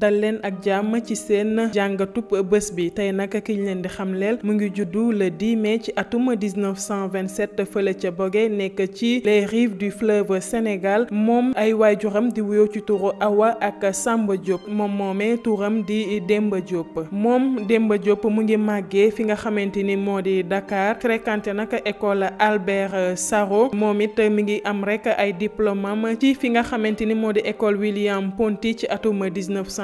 dal leen ak jàmm ci seen jàngatub bés bi tey nag kiñ leen di xamleel mu ngi juddu le 10 mai ci atum 1927 fële ca Bogué nekk ci les rives du fleuve Sénégal moom ay waajuram di wuyoo ci turu Awa ak Samba Diop moom moomee turam di Demba Diop moom Demba Diop mu ngi màggee fi nga xamante ni moo di Dakar fréquenté nag école Albert Saro moom it mu ngi am rek ay diplôme am ci fi nga xamante ni moo di école William Ponty ci atum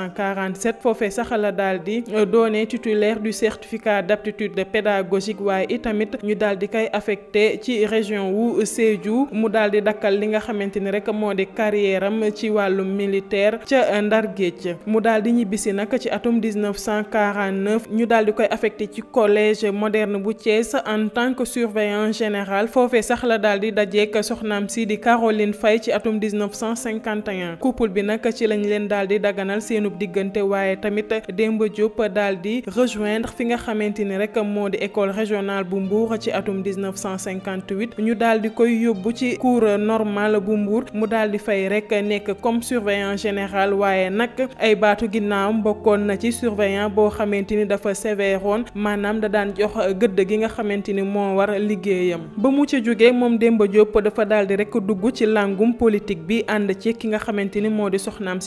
1947 foofee sax la daal di euh, doone titulaire du certificat d'aptitude pédagogique waaye itamit ñu daal koy affecté ci région wu Sédhiou mu daal di dakkal li nga xamante ni rek moo di carrière am ci wàllum militaire ca Ndar Géej mu daal di ñibbisi nag ci atum di koy affecté ci collège moderne bu Thiès en tant que surveillant général foofee sax la daal di dajeek soxnaam si di Caroline Faye ci atum couple bi nag ci lañ leen daal daganal seenu Diop diggante waaye tamit Demba Diop daal di rejoindre fi nga xamante ni rek moo di école régionale bu Mbour ci atum 1958 ñu daal di koy yóbbu ci cours normal bu Mbour mu daal di fay rek nekk comme surveillant général waaye nag ay baatu ginnaaw bokkoon na ci surveillant boo xamante ni dafa sévéroon maanaam da daan jox gëdd gi nga xamante ni moo war liggéeyam ba mu ci jógee moom Demba Diop dafa daal di rek dugg ci langum politique bi ànd ci ki nga xamante ni moo di soxnaam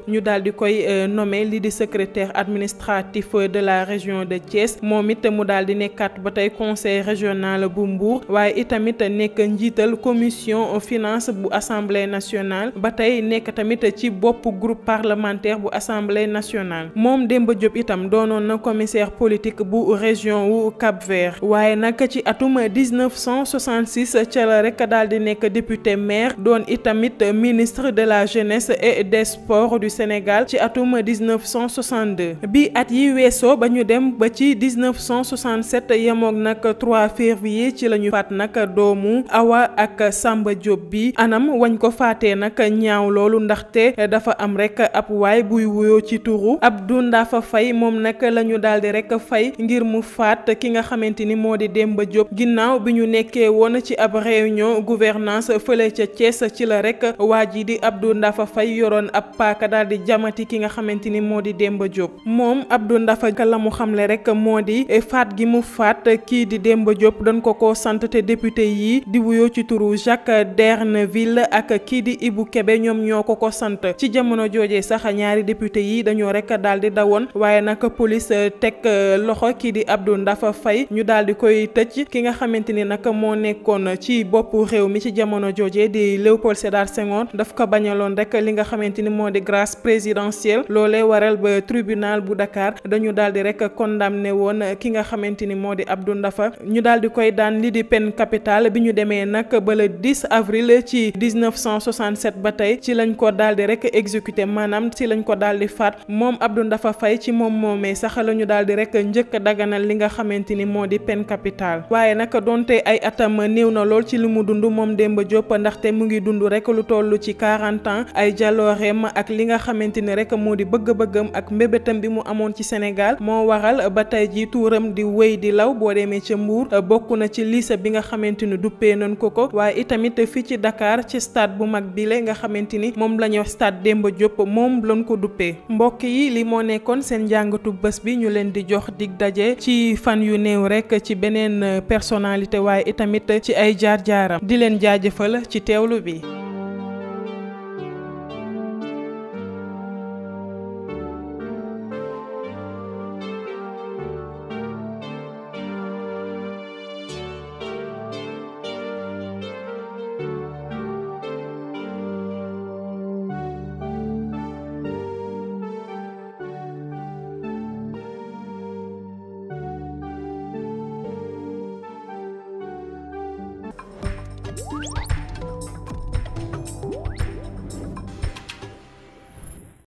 Diop ñu daal di koy euh, nommé lii di secrétaire administratif de la région de Thiès moom it mu daal di nekkaat ba tey conseil régional bu mbuur waaye itamit nekk njiital commission finance bu assemblée nationale ba tey nekk tamit ci bopp groupe parlementaire bu assemblée nationale moom Demba Diop itam doonoon na commissaire politique bu région wu Cap Vert waaye nag ci atum 1966 ca la rek daal di nekk député maire doon itamit ministre de la jeunesse et des sports du Sénégal ci atum 1962 bi at yi weesoo ba ñu dem ba ci 1967 yemoog nag 3 février ci la ñu faat nag doomu Awa ak Samba Diop bi anam wañ ko faatee nag ñaaw loolu ndaxte dafa am rek ab waay buy wuyoo ci turu Abdou Ndafa Faye moom nag lañu daldi rek fay ngir mu faat ki nga xamante ni moo di Demba Diop ginnaaw bi ñu nekkee woon ci ab réunion gouvernance fële ca Thiès ci la rek waa ji di Abdou Ndafa Faye yoroon ab paaka daal di jamati ki nga xamante ni moo di Demba Diop moom Abdou Ndafa ka la mu xamle rek moo di e, faat gi mu faat kii di Demba Diop doon ko ko sant te député yi di wuyoo ci turu Jacques Derneville ak kii di ibu Kébé ñoom ñoo ko ko sant ci jamono jooje sax ñaari député yi dañoo rek daal di dawoon waaye nag police e, teg e, loxo kii di Abdou Ndafa Faye ñu daal di koy tëj ki nga xamante ni nag moo nekkoon ci bopp réew mi ci jamono joojee di Léopold Sédar Senghor daf grâce présidentielle loolee waral ba tribunal bu Dakar dañu daal di rek condamné woon ki nga xamante ni moo di Abdou Ndafa ñu daal di koy daan li di penn capitale bi ñu demee nag ba le 10 avril ci 1967 ba tey ci lañ ko daal di rek exécuté maanaam ci lañ ko daal di faat moom Abdou Ndafa Faye ci moom moomee sax la ñu daal di rek njëkk daganal li nga xamante ni moo di peine capitale waaye nag donte ay atam néew na lool ci li mu dund moom Demba Diop ndaxte mu ngi dund rek xamante ni rek moo di bëgg-bëggam ak mbébétam bi mu amoon ci Sénégal moo waral ba tey ji tuuram di woy di law boo demee ca Mbour bokk na ci lycée bi nga xamante ni duppee nañ ko ko waaye itamit fii ci dakaar ci stade bu mag bile nga xamante ni moom la ñuy stade Demba Diop moom lañ ko duppe mbokk yi li moo nekkoon seen njàngatu bés bi ñu leen di jox dig daje ci fan yu néew rek ci beneen personnalité waaye itamit ci ay jaar jaaram di leen jaajëfal ci teewlu bi